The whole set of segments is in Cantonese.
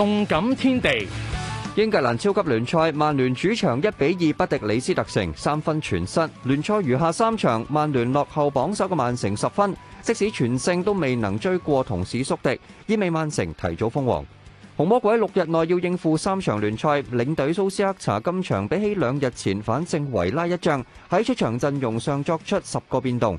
動感天地，英格蘭超級聯賽，曼聯主場一比二不敵李斯特城，三分全失。聯賽餘下三場，曼聯落後榜首嘅曼城十分，即使全勝都未能追過同市宿敵，意味曼城提早封王。紅魔鬼六日內要應付三場聯賽，領隊蘇斯克查今場比起兩日前反勝維拉一仗，喺出場陣容上作出十個變動。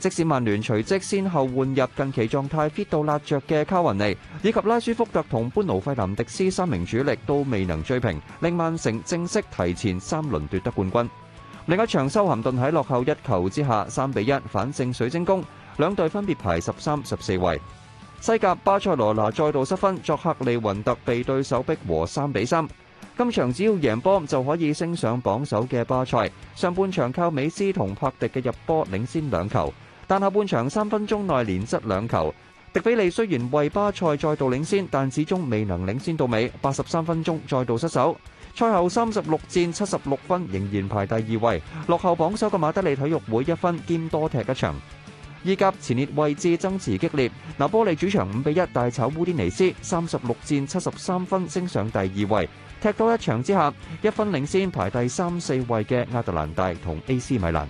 即使曼聯隨即先後換入近期狀態 fit 到辣着嘅卡雲尼以及拉舒福特同班奴費林迪斯三名主力都未能追平，令曼城正式提前三輪奪得冠軍。另一場，修咸頓喺落後一球之下三比一反勝水晶宮，兩隊分別排十三、十四位。西甲巴塞羅那再度失分，作客利雲特被對手逼和，三比三。今場只要贏波就可以升上榜首嘅巴塞，上半場靠美斯同帕迪嘅入波領先兩球。但下半場三分鐘內連失兩球，迪比利雖然為巴塞再度領先，但始終未能領先到尾。八十三分鐘再度失手，賽後三十六戰七十六分，仍然排第二位，落後榜首嘅馬德里體育會一分兼多踢一場。意甲前列位置爭持激烈，那波利主場五比一大炒烏迪尼斯，三十六戰七十三分，升上第二位，踢多一場之下，一分領先排第三四位嘅亞特蘭大同 A.C. 米蘭。